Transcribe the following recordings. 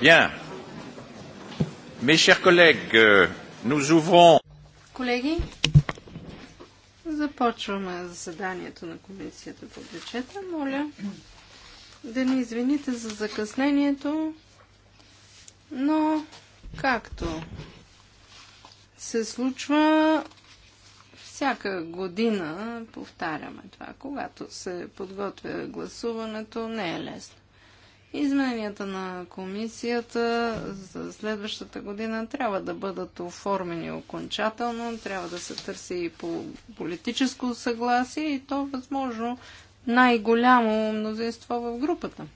Bien. Mes chers collègues, euh, nous ouvrons. Колеги, започваме заседанието на Комисията по бюджета. Моля да ни извините за закъснението, но както се случва всяка година, повтаряме това, когато се подготвя гласуването, не е лесно. Измененията на комисията за следващата година трябва да бъдат оформени окончателно, трябва да се търси и по политическо съгласие и то възможно най-голямо мнозинство в групата.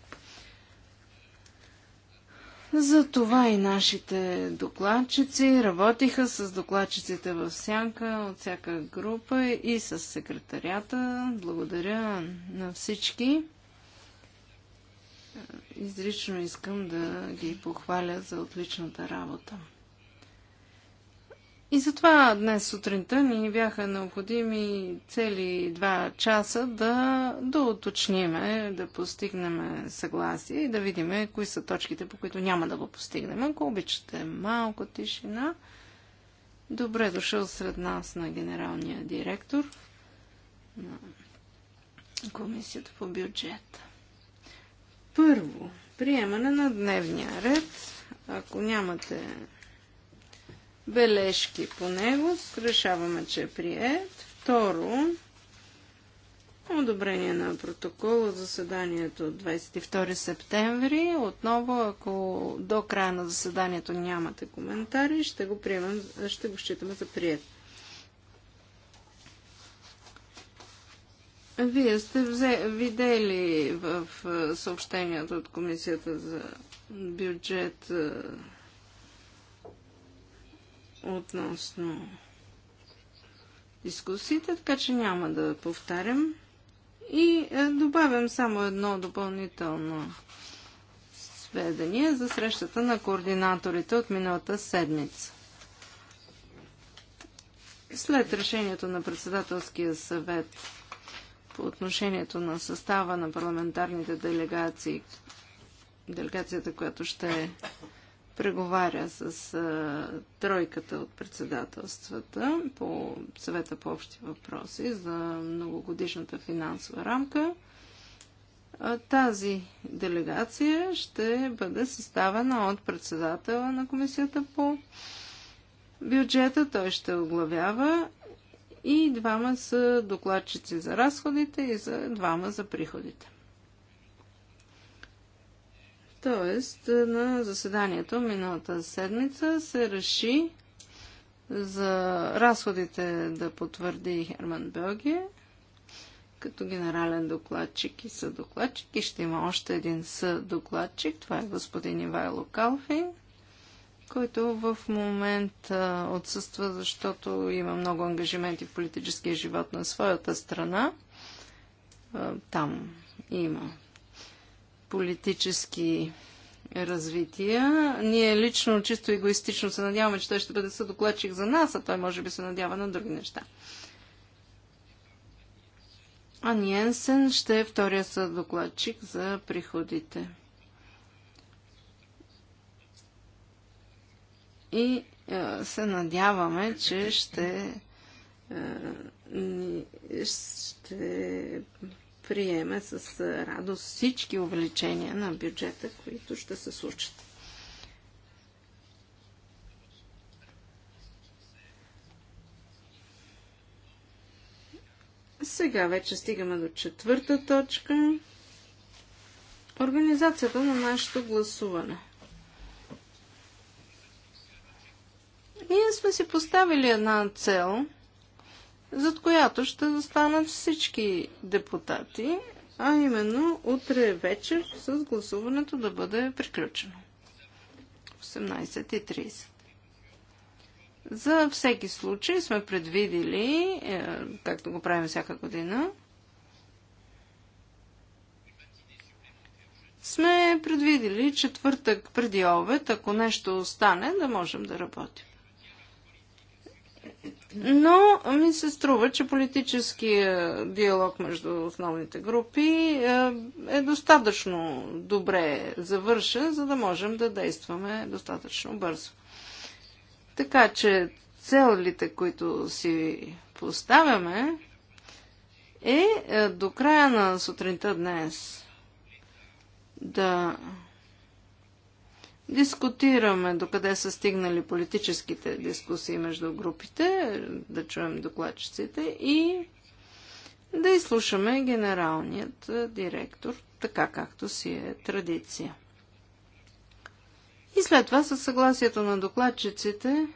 За това и нашите докладчици работиха с докладчиците в сянка от всяка група и с секретарята. Благодаря на всички изрично искам да ги похваля за отличната работа. И затова днес сутринта ни бяха необходими цели два часа да доуточниме, да, постигнем съгласие и да видим кои са точките, по които няма да го постигнем. Ако обичате малко тишина, добре дошъл сред нас на генералния директор на Комисията по бюджета. Първо, приемане на дневния ред. Ако нямате бележки по него, решаваме, че е прият. Второ, одобрение на протокол от заседанието от 22 септември. Отново, ако до края на заседанието нямате коментари, ще го, приемем, ще го считаме за прият. Вие сте взе, видели в е, съобщението от Комисията за бюджет е, относно дискусиите, така че няма да повтарям. И е, добавям само едно допълнително сведение за срещата на координаторите от миналата седмица. След решението на председателския съвет по отношението на състава на парламентарните делегации, делегацията, която ще преговаря с а, тройката от председателствата по съвета по общи въпроси за многогодишната финансова рамка. А, тази делегация ще бъде съставена от председателя на комисията по бюджета. Той ще оглавява и двама са докладчици за разходите и за двама за приходите. Тоест, на заседанието миналата седмица се реши за разходите да потвърди Херман Белгия като генерален докладчик и съдокладчик и ще има още един съдокладчик. Това е господин Ивайло Калфин – който в момента отсъства, защото има много ангажименти в политическия живот на своята страна. Там има политически развития. Ние лично, чисто егоистично се надяваме, че той ще бъде съдокладчик за нас, а той може би се надява на други неща. А Ниенсен ще е втория съдокладчик за приходите. и е, се надяваме, че ще, е, ще приеме с радост всички увеличения на бюджета, които ще се случат. Сега вече стигаме до четвърта точка. Организацията на нашето гласуване – си поставили една цел, зад която ще застанат всички депутати, а именно утре вечер с гласуването да бъде приключено. 18.30. За всеки случай сме предвидили, е, както го правим всяка година, сме предвидили четвъртък преди обед, ако нещо остане, да можем да работим. Но ми се струва, че политическия диалог между основните групи е, е достатъчно добре завършен, за да можем да действаме достатъчно бързо. Така че целите, които си поставяме, е, е до края на сутринта днес да дискутираме докъде са стигнали политическите дискусии между групите, да чуем докладчиците и да изслушаме генералният директор, така както си е традиция. И след това, със съгласието на докладчиците,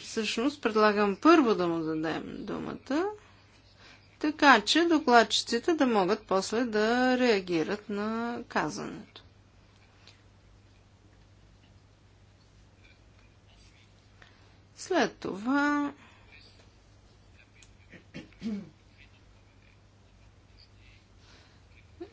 всъщност предлагам първо да му дадем думата, така че докладчиците да могат после да реагират на казането. След това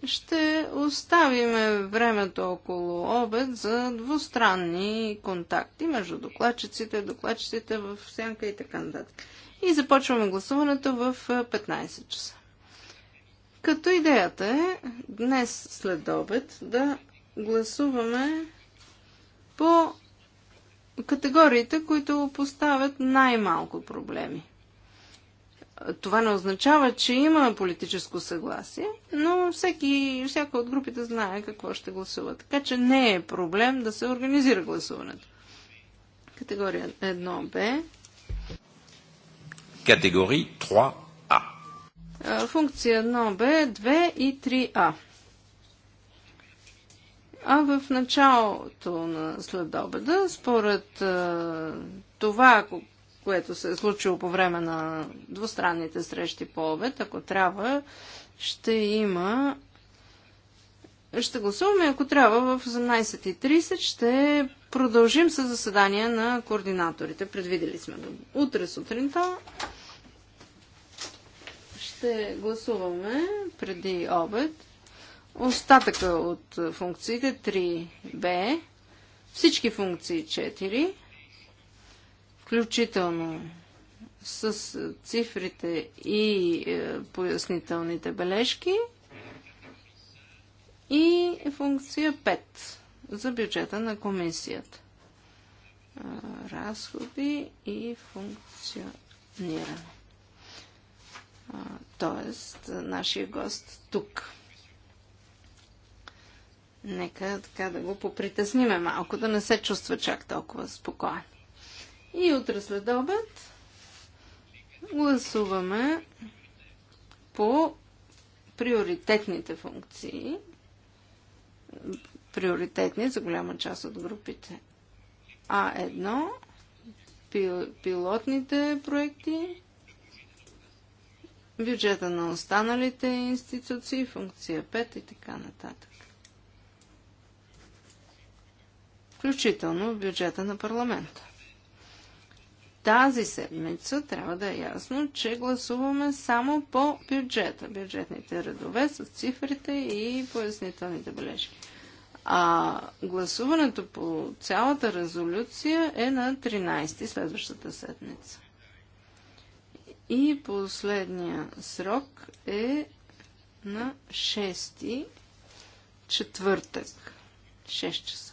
ще оставиме времето около обед за двустранни контакти между докладчиците, докладчиците в сянка и така нататък. И започваме гласуването в 15 часа. Като идеята е днес след обед да гласуваме по категориите, които поставят най-малко проблеми. Това не означава, че има политическо съгласие, но всеки, всяка от групите знае какво ще гласува. Така че не е проблем да се организира гласуването. Категория 1Б. Категория 3А. Функция 1Б, 2 и 3А. А в началото на следобеда, според а, това, което се е случило по време на двустранните срещи по обед, ако трябва, ще има. Ще гласуваме, ако трябва, в 18.30 ще продължим с заседание на координаторите. Предвидели сме го. Утре сутринта ще гласуваме преди обед остатъка от функциите 3b, всички функции 4, включително с цифрите и е, пояснителните бележки и функция 5 за бюджета на комисията. Е, разходи и функциониране. Е, тоест, нашия гост тук. Нека така да го попритесниме малко, да не се чувства чак толкова спокоен. И утре след обед гласуваме по приоритетните функции. Приоритетни за голяма част от групите. А1, пилотните проекти, бюджета на останалите институции, функция 5 и така нататък. включително бюджета на парламента. Тази седмица трябва да е ясно, че гласуваме само по бюджета, бюджетните редове с цифрите и пояснителните бележки. А гласуването по цялата резолюция е на 13 следващата седмица. И последния срок е на 6 четвъртък. 6 часа.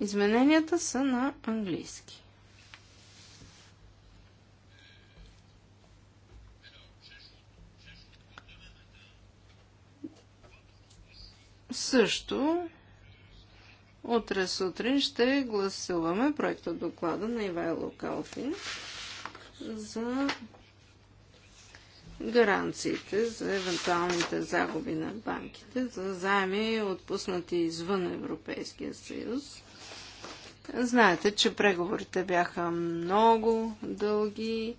Измененията са на английски. Също утре сутрин ще гласуваме проекта доклада на Ивайло Калфин за гаранциите за евентуалните загуби на банките за заеми отпуснати извън Европейския съюз Знаете, че преговорите бяха много дълги.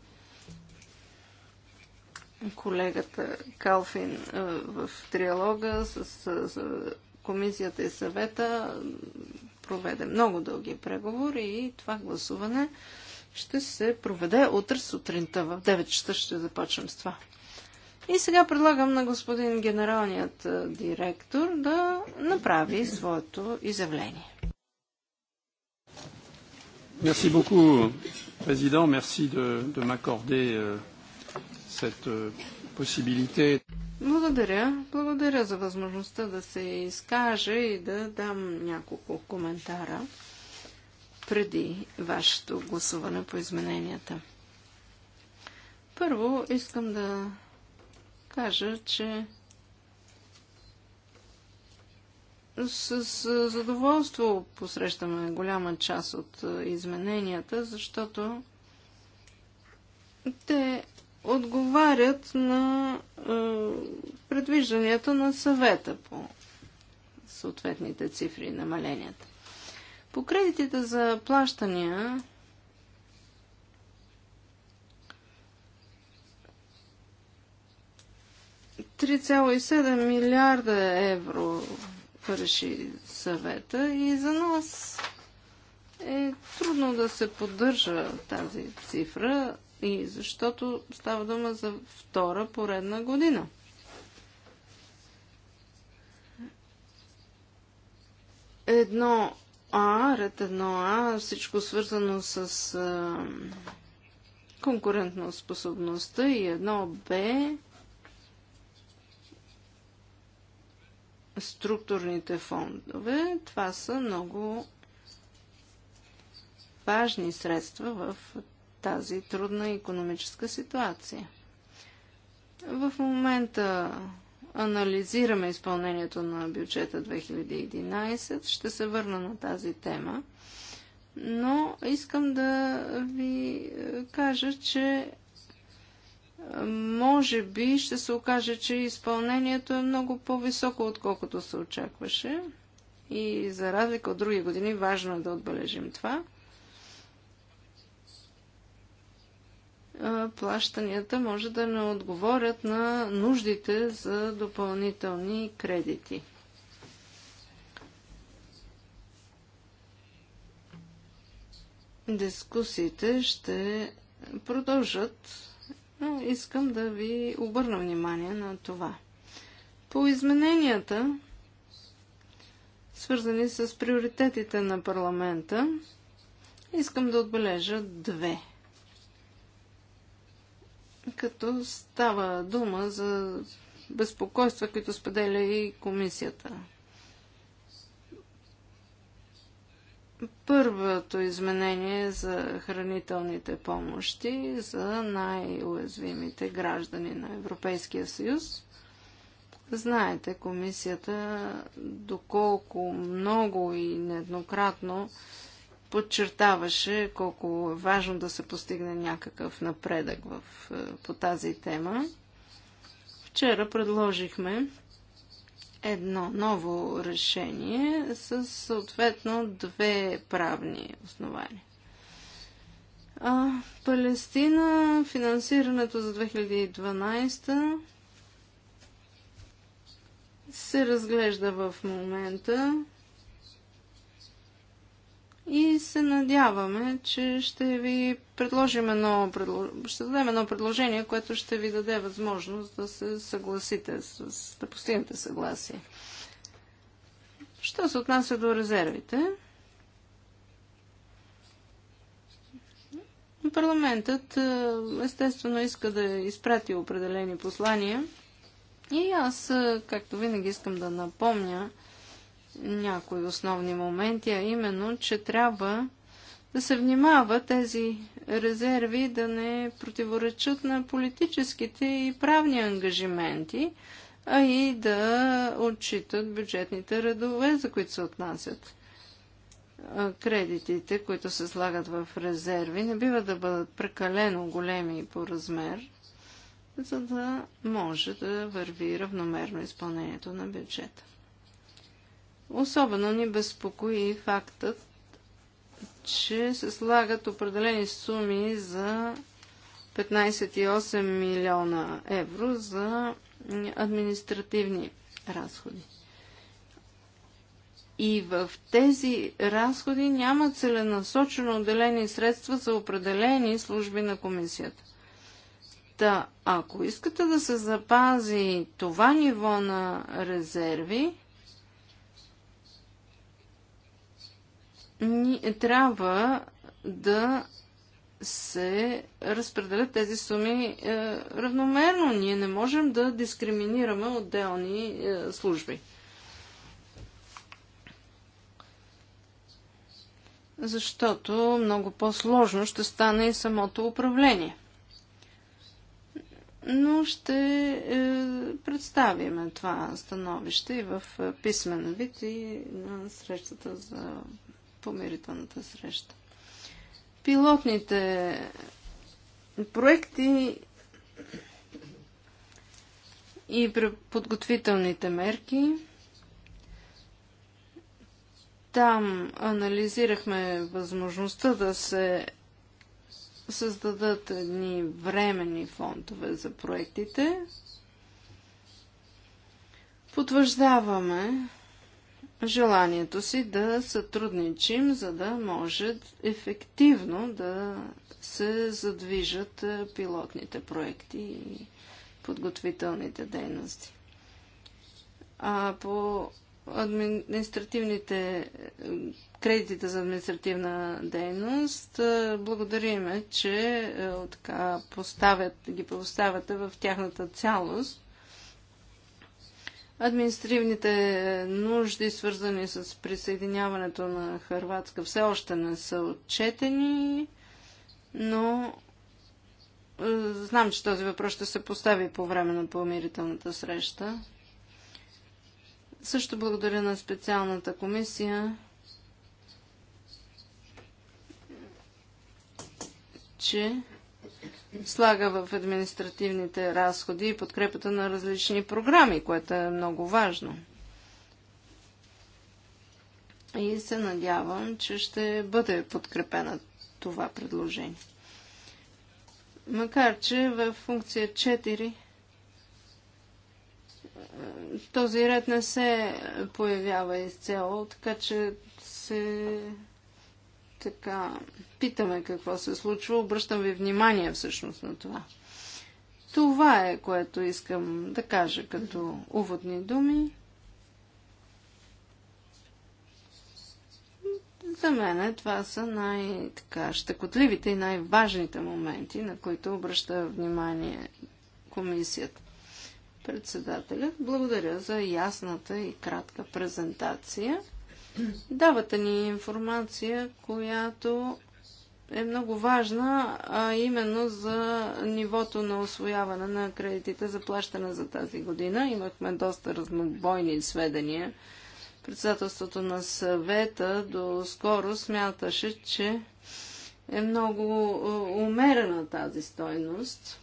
Колегата Калфин е, в триалога с, с комисията и съвета проведе много дълги преговори и това гласуване ще се проведе утре сутринта. В 9 часа ще започнем с това. И сега предлагам на господин генералният е, директор да направи своето изявление. Merci beaucoup, Président. Merci de, de m'accorder euh, cette euh, possibilité. Благодаря. Благодаря за възможността да се изкаже и да дам няколко коментара преди вашето гласуване по измененията. Първо искам да кажа, че С, с задоволство посрещаме голяма част от измененията, защото те отговарят на е, предвижданията на съвета по съответните цифри и намаленията. По кредитите за плащания – 3,7 милиарда евро посока реши съвета и за нас е трудно да се поддържа тази цифра и защото става дума за втора поредна година. Едно А, ред едно А, всичко свързано с а, конкурентно способността и едно Б структурните фондове. Това са много важни средства в тази трудна економическа ситуация. В момента анализираме изпълнението на бюджета 2011. Ще се върна на тази тема. Но искам да ви кажа, че може би ще се окаже, че изпълнението е много по-високо, отколкото се очакваше. И за разлика от други години, важно е да отбележим това. Плащанията може да не отговорят на нуждите за допълнителни кредити. Дискусиите ще продължат но искам да ви обърна внимание на това. По измененията, свързани с приоритетите на парламента, искам да отбележа две. Като става дума за безпокойства, които споделя и комисията. Първото изменение е за хранителните помощи за най-уязвимите граждани на Европейския съюз. Знаете, комисията доколко много и нееднократно подчертаваше колко е важно да се постигне някакъв напредък в, е, по тази тема. Вчера предложихме едно ново решение с съответно две правни основания. А, Палестина, финансирането за 2012 се разглежда в момента и се надяваме, че ще ви предложим едно, ще дадем едно предложение, което ще ви даде възможност да се съгласите, с, да постигнете съгласие. Що се отнася до резервите? Парламентът е, естествено иска да е изпрати определени послания и аз, е, както винаги, искам да напомня, някои основни моменти, а именно, че трябва да се внимава тези резерви да не противоречат на политическите и правни ангажименти, а и да отчитат бюджетните редове, за които се отнасят. Кредитите, които се слагат в резерви, не бива да бъдат прекалено големи по размер, за да може да върви равномерно изпълнението на бюджета. Особено ни безпокои фактът, че се слагат определени суми за 15,8 милиона евро за административни разходи. И в тези разходи няма целенасочено отделени средства за определени служби на комисията. Та, ако искате да се запази това ниво на резерви, ни трябва да се разпределят тези суми е, равномерно. Ние не можем да дискриминираме отделни е, служби. Защото много по-сложно ще стане и самото управление. Но ще е, представим това становище и в е, писмен вид и на срещата за помирителната среща. Пилотните проекти и подготвителните мерки. Там анализирахме възможността да се създадат едни временни фондове за проектите. Потвърждаваме, желанието си да сътрудничим, за да може ефективно да се задвижат е, пилотните проекти и подготвителните дейности. А по административните е, кредитите за административна дейност, е, благодариме, че така, поставят, ги поставяте в тяхната цялост Административните е, нужди, свързани с присъединяването на Харватска, все още не са отчетени, но е, знам, че този въпрос ще се постави по време на помирителната среща. Също благодаря на специалната комисия, че слага в административните разходи и подкрепата на различни програми, което е много важно. И се надявам, че ще бъде подкрепена това предложение. Макар, че в функция 4 е, този ред не се появява изцяло, така че се така питаме какво се случва, обръщам ви внимание всъщност на това. Това е, което искам да кажа като уводни думи. За мен е, това са най щекотливите и най-важните моменти, на които обръща внимание комисията. Председателят, благодаря за ясната и кратка презентация. Давате ни информация, която е много важна, а именно за нивото на освояване на кредитите за плащане за тази година. Имахме доста разнобойни сведения. Председателството на съвета до скоро смяташе, че е много е, умерена тази стойност.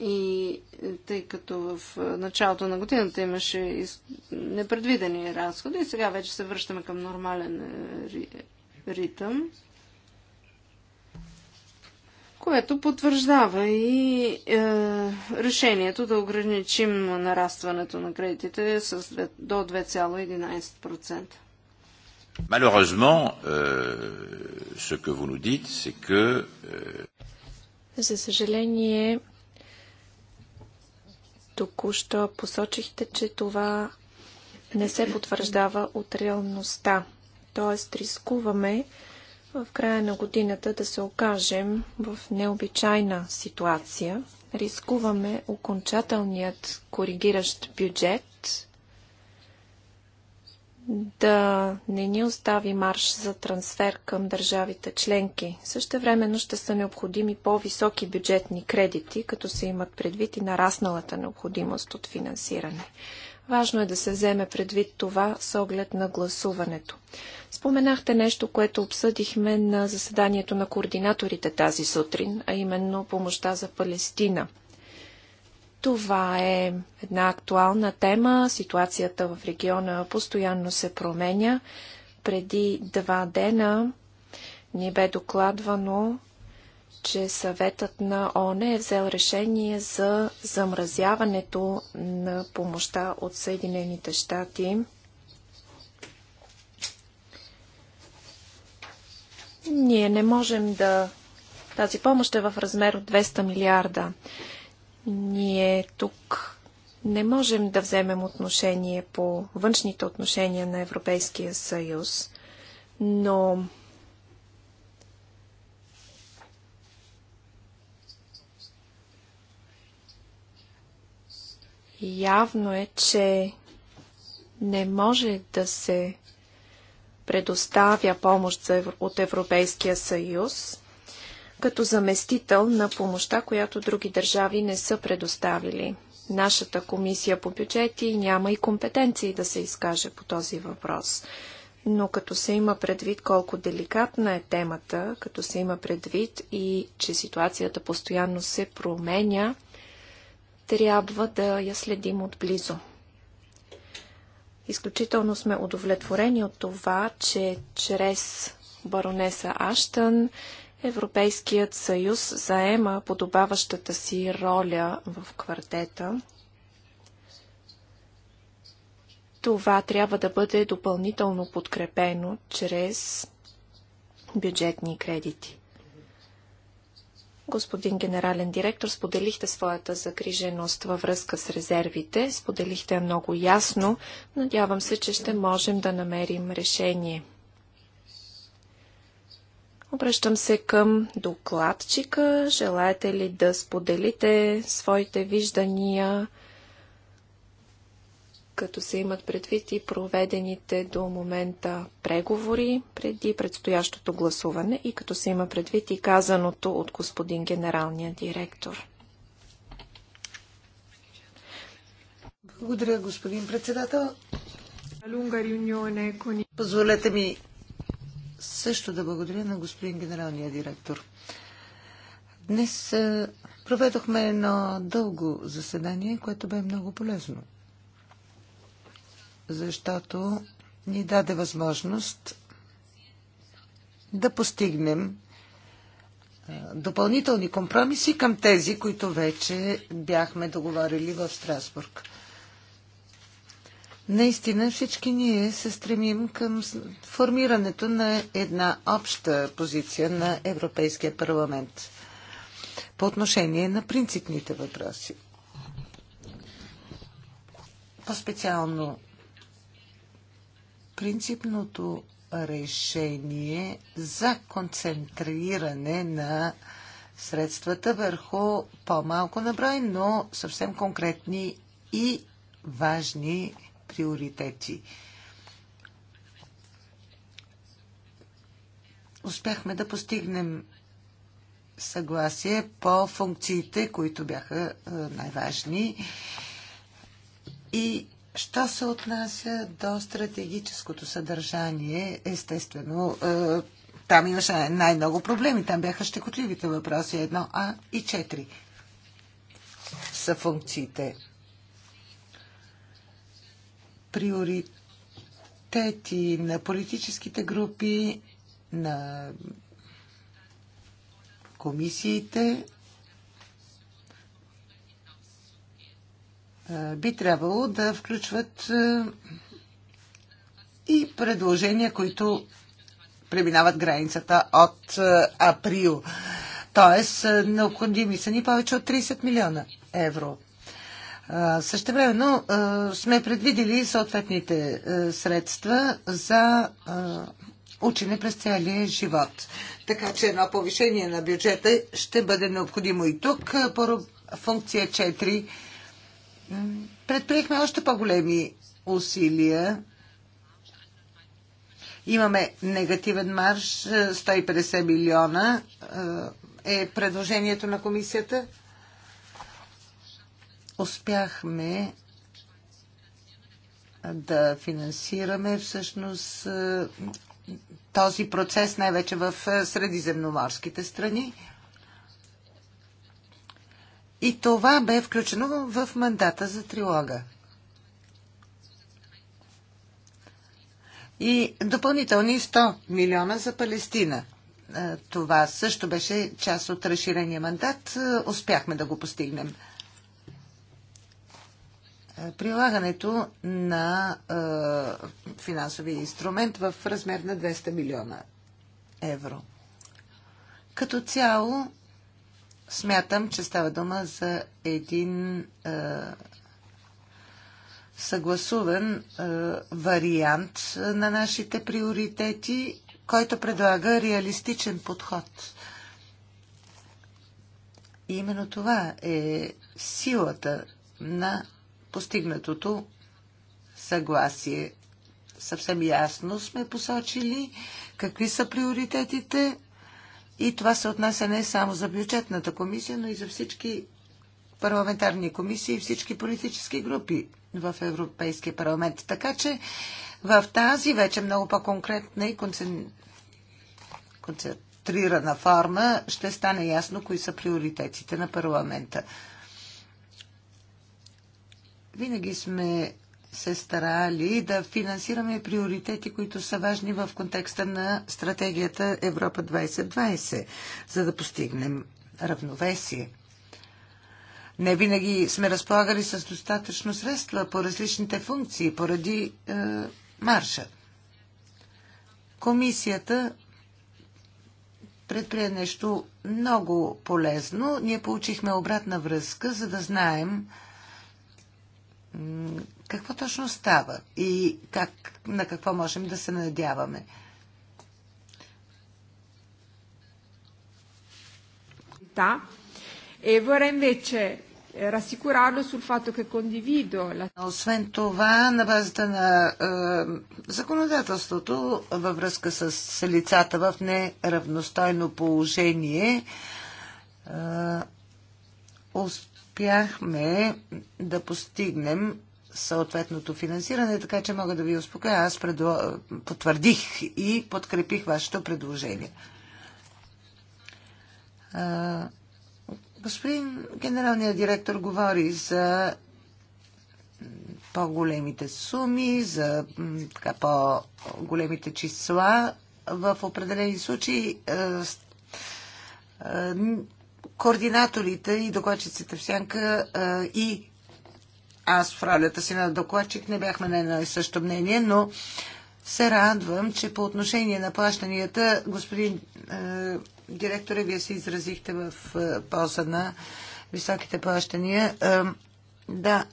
И е, тъй като в е, началото на годината имаше непредвидени разходи, сега вече се връщаме към нормален е, ритъм, което потвърждава и е, решението да ограничим нарастването на кредитите с, до 2,11%. Malheureusement, euh, ce que vous nous dites, c'est que... Euh... За съжаление, Току-що посочихте, че това не се потвърждава от реалността. Тоест, рискуваме в края на годината да се окажем в необичайна ситуация. Рискуваме окончателният коригиращ бюджет да не ни остави марш за трансфер към държавите членки. времено ще са необходими по-високи бюджетни кредити, като се имат предвид и нарасналата необходимост от финансиране. Важно е да се вземе предвид това с оглед на гласуването. Споменахте нещо, което обсъдихме на заседанието на координаторите тази сутрин, а именно помощта за Палестина – това е една актуална тема. Ситуацията в региона постоянно се променя. Преди два дена ни бе докладвано, че съветът на ОНЕ е взел решение за замразяването на помощта от Съединените щати. Ние не можем да. Тази помощ е в размер от 200 милиарда. Ние тук не можем да вземем отношение по външните отношения на Европейския съюз, но явно е, че не може да се предоставя помощ от Европейския съюз като заместител на помощта, която други държави не са предоставили. Нашата комисия по бюджети няма и компетенции да се изкаже по този въпрос. Но като се има предвид колко деликатна е темата, като се има предвид и че ситуацията постоянно се променя, трябва да я следим отблизо. Изключително сме удовлетворени от това, че чрез баронеса Аштън Европейският съюз заема подобаващата си роля в квартета. Това трябва да бъде допълнително подкрепено чрез бюджетни кредити. Господин генерален директор, споделихте своята загриженост във връзка с резервите, споделихте много ясно. Надявам се, че ще можем да намерим решение. Обръщам се към докладчика. Желаете ли да споделите своите виждания, като се имат предвид и проведените до момента преговори преди предстоящото гласуване и като се има предвид и казаното от господин генералния директор? Благодаря, господин председател. Е Позволете ми също да благодаря на господин генералния директор. Днес е, проведохме едно дълго заседание, което бе много полезно, защото ни даде възможност да постигнем е, допълнителни компромиси към тези, които вече бяхме договорили в Страсбург. Наистина всички ние се стремим към формирането на една обща позиция на Европейския парламент по отношение на принципните въпроси. По-специално принципното решение за концентриране на средствата върху по-малко наброй, но съвсем конкретни и важни приоритети. Успяхме да постигнем съгласие по функциите, които бяха е, най-важни. И що се отнася до стратегическото съдържание, естествено, е, там имаше най-много проблеми. Там бяха щекотливите въпроси едно, а и четири са функциите приоритети на политическите групи, на комисиите би трябвало да включват и предложения, които преминават границата от април. Тоест, необходими са ни повече от 30 милиона евро. Същевременно сме предвидели съответните средства за учене през целия живот. Така че едно повишение на бюджета ще бъде необходимо и тук по функция 4. Предприехме още по-големи усилия. Имаме негативен марш, 150 милиона е предложението на комисията успяхме да финансираме всъщност този процес най-вече в средиземноморските страни. И това бе включено в мандата за трилога. И допълнителни 100 милиона за Палестина. Това също беше част от разширения мандат. Успяхме да го постигнем прилагането на финансови инструмент в размер на 200 милиона евро. Като цяло, смятам, че става дума за един съгласуван вариант на нашите приоритети, който предлага реалистичен подход. И именно това е силата на постигнатото съгласие. Съвсем ясно сме посочили какви са приоритетите и това се отнася не само за бюджетната комисия, но и за всички парламентарни комисии и всички политически групи в Европейския парламент. Така че в тази вече много по-конкретна и концентрирана форма ще стане ясно кои са приоритетите на парламента. Винаги сме се старали да финансираме приоритети, които са важни в контекста на стратегията Европа 2020, за да постигнем равновесие. Не винаги сме разполагали с достатъчно средства по различните функции, поради е, марша. Комисията предприе нещо много полезно. Ние получихме обратна връзка, за да знаем, какво точно става и как, на какво можем да се надяваме. Да. E vorrei invece е, rassicurarlo sul fatto che condivido la... Освен това, на базата на е, законодателството във връзка с лицата в неравностойно положение, е, успяхме да постигнем съответното финансиране, така че мога да ви успокоя. Аз предо... потвърдих и подкрепих вашето предложение. А, господин генералният директор говори за по-големите суми, за така, по-големите числа в определени случаи. А, а, Координаторите и докладчиците в Сянка и аз в ролята си на докладчик не бяхме на едно и също мнение, но се радвам, че по отношение на плащанията, господин а, директоре, вие се изразихте в полза на високите плащания. А, да,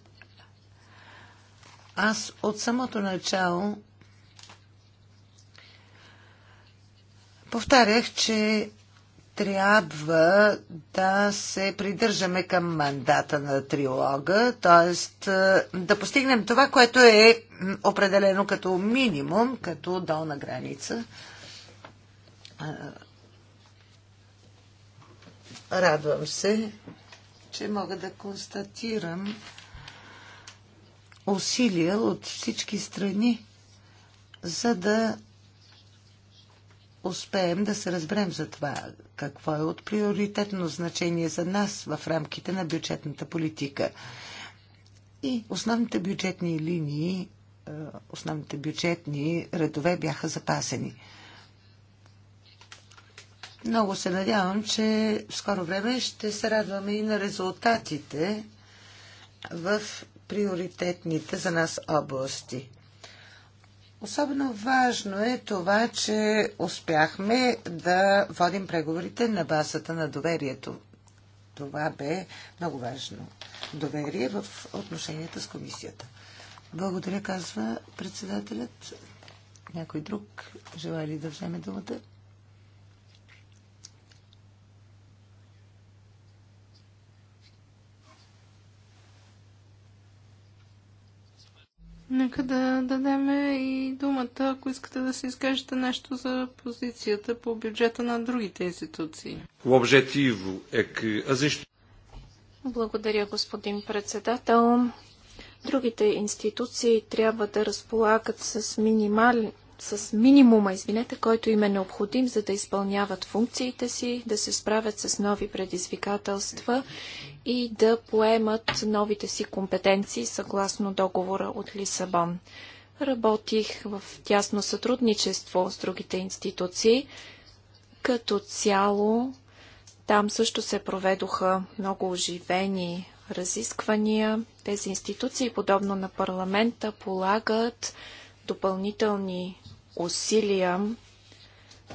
аз от самото начало повтарях, че трябва да се придържаме към мандата на триолога, т.е. да постигнем това, което е определено като минимум, като долна граница. Е, радвам се, че мога да констатирам усилия от всички страни, за да успеем да се разберем за това какво е от приоритетно значение за нас в рамките на бюджетната политика. И основните бюджетни линии, е, основните бюджетни редове бяха запасени. Много се надявам, че в скоро време ще се радваме и на резултатите в приоритетните за нас области. Особено важно е това, че успяхме да водим преговорите на базата на доверието. Това бе много важно. Доверие в отношенията с комисията. Благодаря, казва председателят. Някой друг желая ли да вземе думата? Нека да дадем и думата, ако искате да се изкажете нещо за позицията по бюджета на другите институции. Обжетиво е къ... Благодаря, господин председател. Другите институции трябва да разполагат с минимален с минимума, извинете, който им е необходим, за да изпълняват функциите си, да се справят с нови предизвикателства и да поемат новите си компетенции съгласно договора от Лисабон. Работих в тясно сътрудничество с другите институции. Като цяло, там също се проведоха много оживени разисквания. Тези институции, подобно на парламента, полагат допълнителни усилия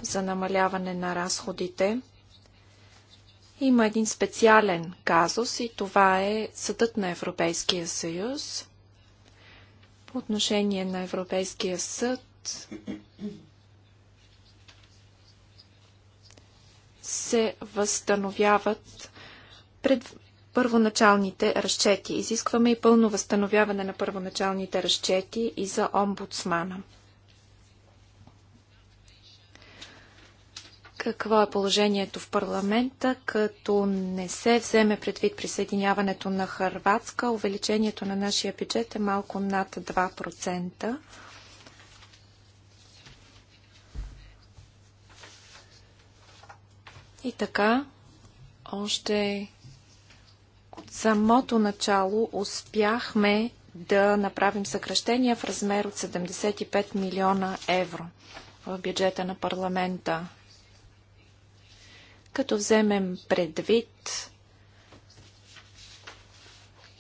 за намаляване на разходите. Има един специален казус и това е Съдът на Европейския съюз. По отношение на Европейския съд се възстановяват пред първоначалните разчети. Изискваме и пълно възстановяване на първоначалните разчети и за омбудсмана. Какво е положението в парламента, като не се вземе предвид присъединяването на Харватска? Увеличението на нашия бюджет е малко над 2%. И така, още от самото начало успяхме да направим съкръщения в размер от 75 милиона евро в бюджета на парламента. Като вземем предвид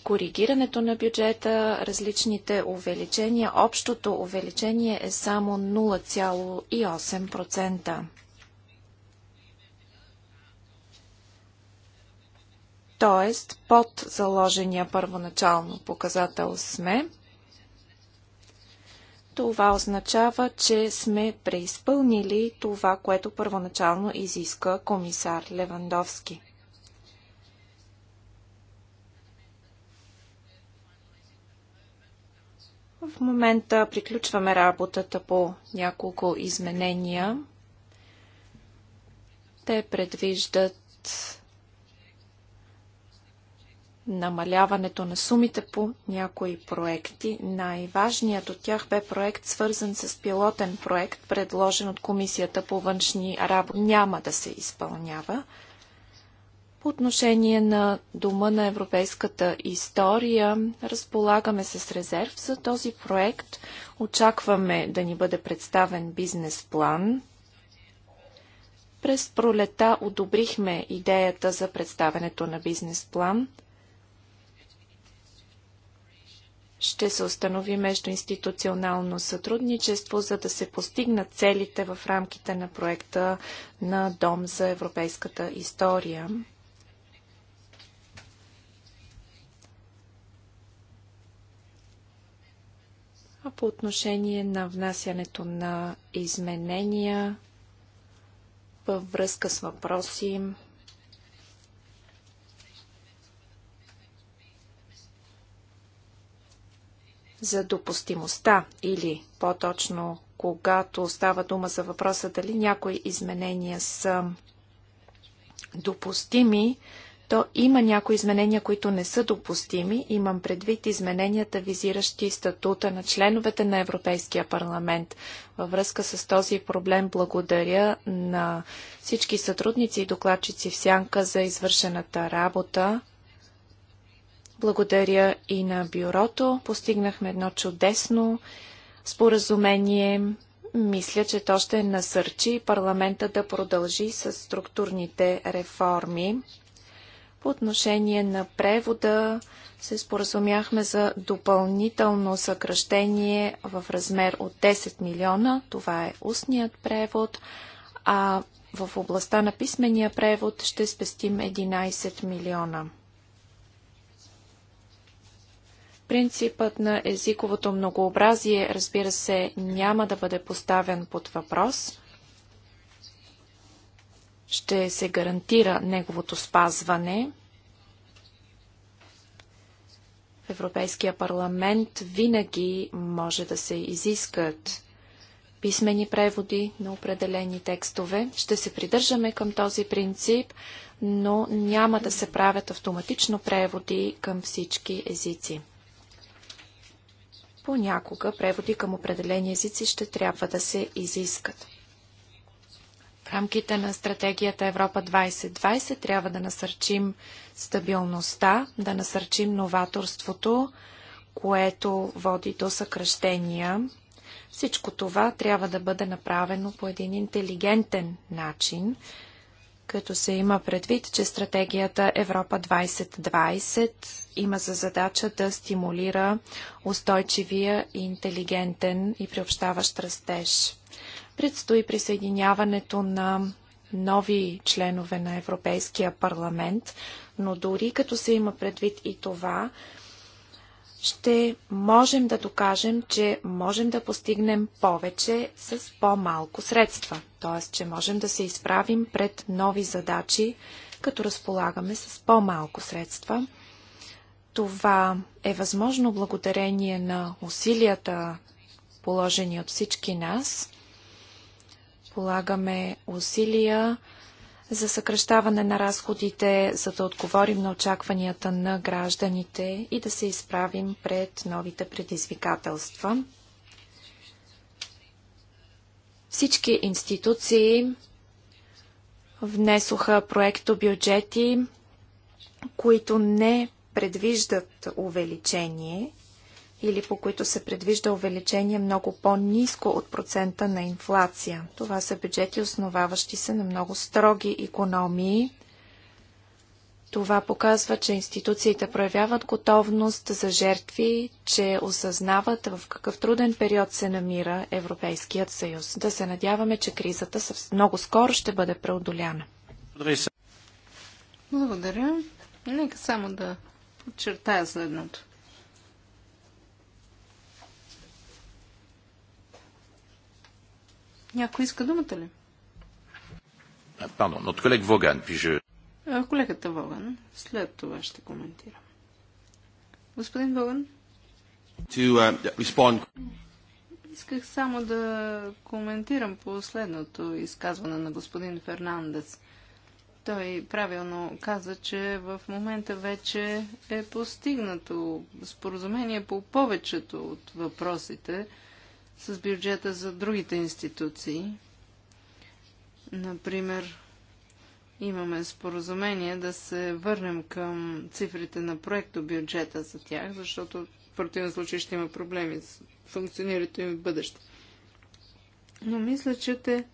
коригирането на бюджета, различните увеличения, общото увеличение е само 0,8%. Тоест, под заложения първоначално показател сме – това означава, че сме преизпълнили това, което първоначално изиска комисар Левандовски. В момента приключваме работата по няколко изменения. Те предвиждат намаляването на сумите по някои проекти. Най-важният от тях бе проект, свързан с пилотен проект, предложен от Комисията по външни работи. Няма да се изпълнява. По отношение на Дома на европейската история, разполагаме се с резерв за този проект. Очакваме да ни бъде представен бизнес план. През пролета одобрихме идеята за представенето на бизнес план – ще се установи междуинституционално сътрудничество, за да се постигнат целите в рамките на проекта на Дом за европейската история. А по отношение на внасянето на изменения във връзка с въпроси, за допустимостта или по-точно когато става дума за въпроса дали някои изменения са допустими, то има някои изменения, които не са допустими. Имам предвид измененията, визиращи статута на членовете на Европейския парламент. Във връзка с този проблем благодаря на всички сътрудници и докладчици в Сянка за извършената работа. Благодаря и на бюрото. Постигнахме едно чудесно споразумение. Мисля, че то ще насърчи парламента да продължи с структурните реформи. По отношение на превода се споразумяхме за допълнително съкръщение в размер от 10 милиона. Това е устният превод. А в областта на писмения превод ще спестим 11 милиона. Принципът на езиковото многообразие, разбира се, няма да бъде поставен под въпрос. Ще се гарантира неговото спазване. В Европейския парламент винаги може да се изискат писмени преводи на определени текстове. Ще се придържаме към този принцип, но няма да се правят автоматично преводи към всички езици. Понякога преводи към определени езици ще трябва да се изискат. В рамките на стратегията Европа 2020 трябва да насърчим стабилността, да насърчим новаторството, което води до съкръщения. Всичко това трябва да бъде направено по един интелигентен начин, като се има предвид, че стратегията Европа 2020 има за задача да стимулира устойчивия, интелигентен и приобщаващ растеж. Предстои присъединяването на нови членове на Европейския парламент, но дори като се има предвид и това, ще можем да докажем, че можем да постигнем повече с по-малко средства. Т.е. че можем да се изправим пред нови задачи, като разполагаме с по-малко средства. Това е възможно благодарение на усилията, положени от всички нас. Полагаме усилия, за съкръщаване на разходите, за да отговорим на очакванията на гражданите и да се изправим пред новите предизвикателства. Всички институции внесоха проекто бюджети, които не предвиждат увеличение или по които се предвижда увеличение много по-низко от процента на инфлация. Това са бюджети, основаващи се на много строги економии. Това показва, че институциите проявяват готовност за жертви, че осъзнават в какъв труден период се намира Европейският съюз. Да се надяваме, че кризата много скоро ще бъде преодоляна. Благодаря. Нека само да подчертая следното. Някой иска думата ли? Пардон, от колег Воган, пише. Колегата Воган, след това ще коментирам. Господин Воган? To, uh, respond. Исках само да коментирам последното изказване на господин Фернандес. Той правилно каза, че в момента вече е постигнато споразумение по повечето от въпросите, с бюджета за другите институции. Например, имаме споразумение да се върнем към цифрите на проекто бюджета за тях, защото в противен случай ще има проблеми с функционирането им в бъдеще. Но мисля, че те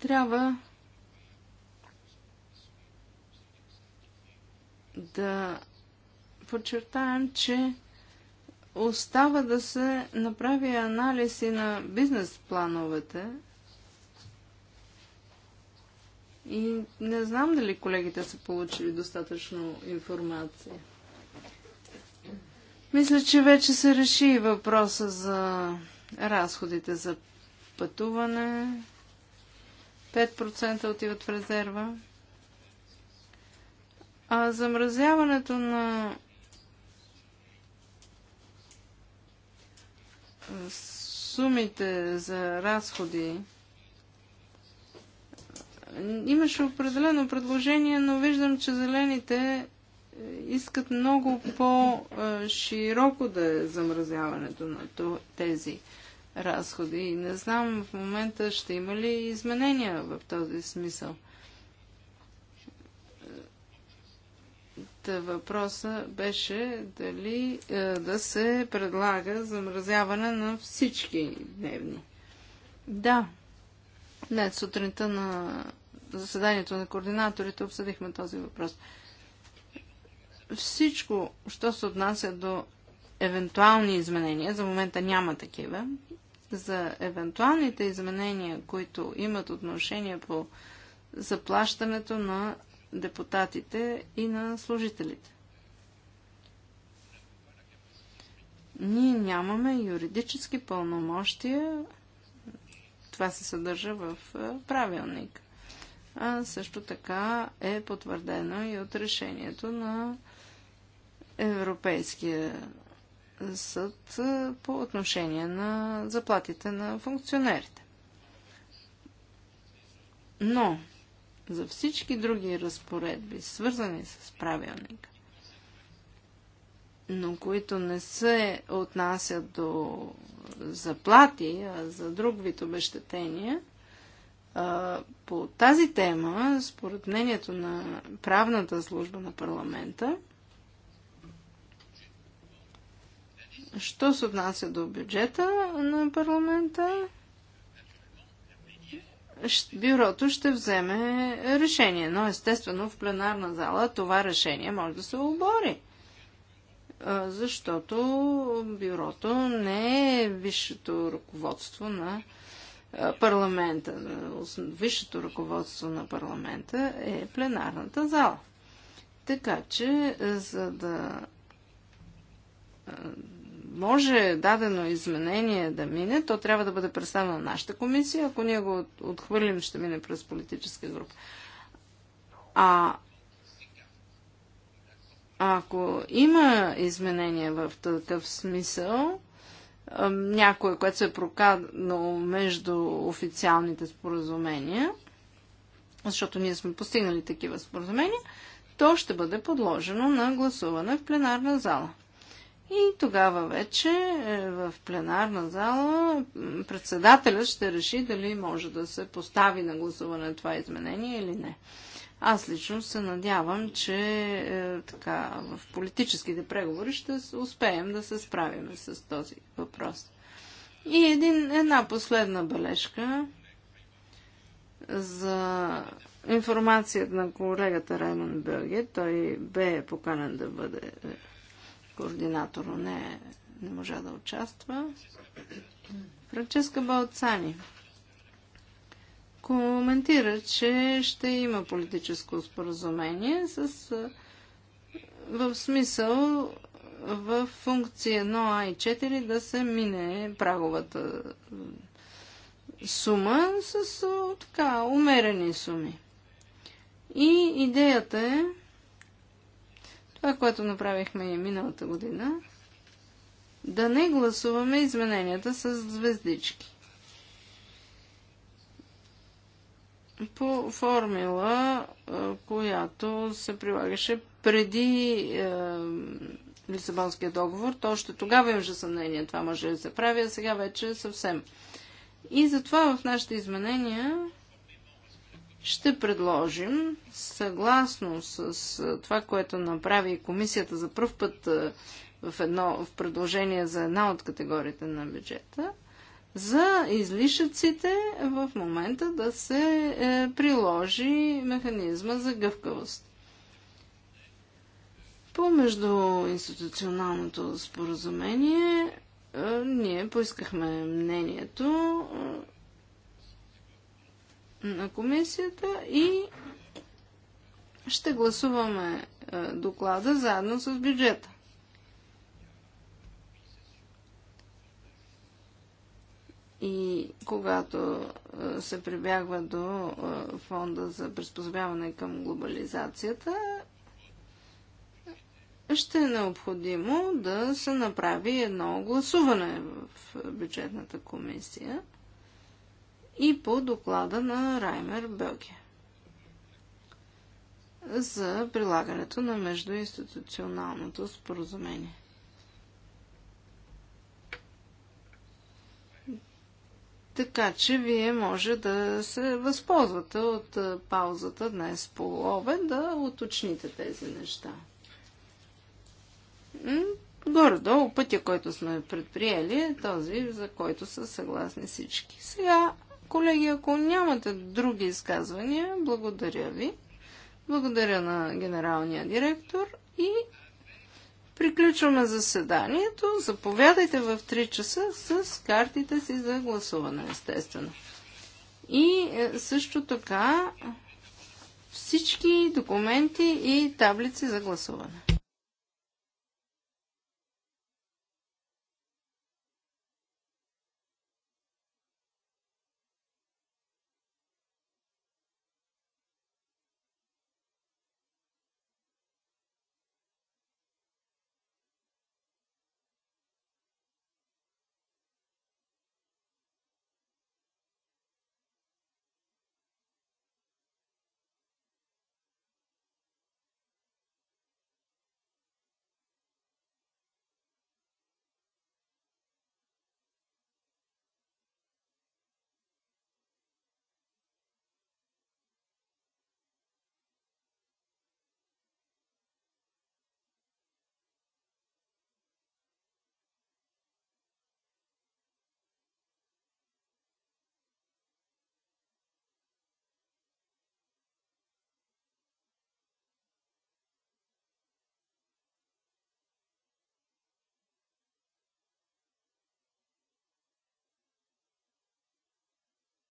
трябва да подчертаем, че Остава да се направи анализ и на бизнес плановете. И не знам дали колегите са получили достатъчно информация. Мисля, че вече се реши въпроса за разходите за пътуване. 5% отиват в резерва. А замразяването на сумите за разходи. Имаше определено предложение, но виждам, че зелените е, искат много по-широко да е замразяването на тези разходи. И не знам в момента ще има ли изменения в този смисъл. Е, въпроса беше дали е, да се предлага замразяване на всички дневни. Да. Днес сутринта на заседанието на координаторите обсъдихме този въпрос. Всичко, що се отнася до евентуални изменения, за момента няма такива, за евентуалните изменения, които имат отношение по заплащането на депутатите и на служителите. Ние нямаме юридически пълномощия. Това се съдържа в правилник. А също така е потвърдено и от решението на Европейския съд по отношение на заплатите на функционерите. Но за всички други разпоредби, свързани с правилника, но които не се отнасят до заплати, а за друг вид обещетения, по тази тема, според мнението на правната служба на парламента, що се отнася до бюджета на парламента, бюрото ще вземе решение. Но естествено в пленарна зала това решение може да се обори. Защото бюрото не е висшето ръководство на парламента. Висшето ръководство на парламента е пленарната зала. Така че, за да може дадено изменение да мине, то трябва да бъде представено на нашата комисия. Ако ние го отхвърлим, ще мине през политическа група. А ако има изменение в такъв смисъл, някое, което се е прокаднало между официалните споразумения, защото ние сме постигнали такива споразумения, то ще бъде подложено на гласуване в пленарна зала. И тогава вече е, в пленарна зала председателят ще реши дали може да се постави на гласуване това изменение или не. Аз лично се надявам, че е, така, в политическите преговори ще успеем да се справим с този въпрос. И един, една последна бележка за информацията на колегата Раймон Бълге. Той бе поканен да бъде е, координатор не, не можа да участва. Франческа Балцани коментира, че ще има политическо споразумение с, в смисъл в функция 1А и 4 да се мине праговата сума с така умерени суми. И идеята е това, което направихме и миналата година, да не гласуваме измененията с звездички. По формула, която се прилагаше преди е, Лисабонския договор, то още тогава имаше съмнение, това може да се прави, а сега вече е съвсем. И затова в нашите изменения ще предложим, съгласно с това, което направи комисията за първ път в, едно, в предложение за една от категориите на бюджета, за излишъците в момента да се е, приложи механизма за гъвкавост. По междуинституционалното споразумение е, ние поискахме мнението е, на комисията и ще гласуваме е, доклада заедно с бюджета. И когато е, се прибягва до е, фонда за приспособяване към глобализацията, ще е необходимо да се направи едно гласуване в бюджетната комисия и по доклада на Раймер Белгия за прилагането на междуинституционалното споразумение. Така че вие може да се възползвате от паузата днес по обед да уточните тези неща. Горе-долу пътя, който сме предприели е този, за който са съгласни всички. Сега Колеги, ако нямате други изказвания, благодаря ви. Благодаря на генералния директор и приключваме заседанието. Заповядайте в 3 часа с картите си за гласуване, естествено. И е, също така всички документи и таблици за гласуване.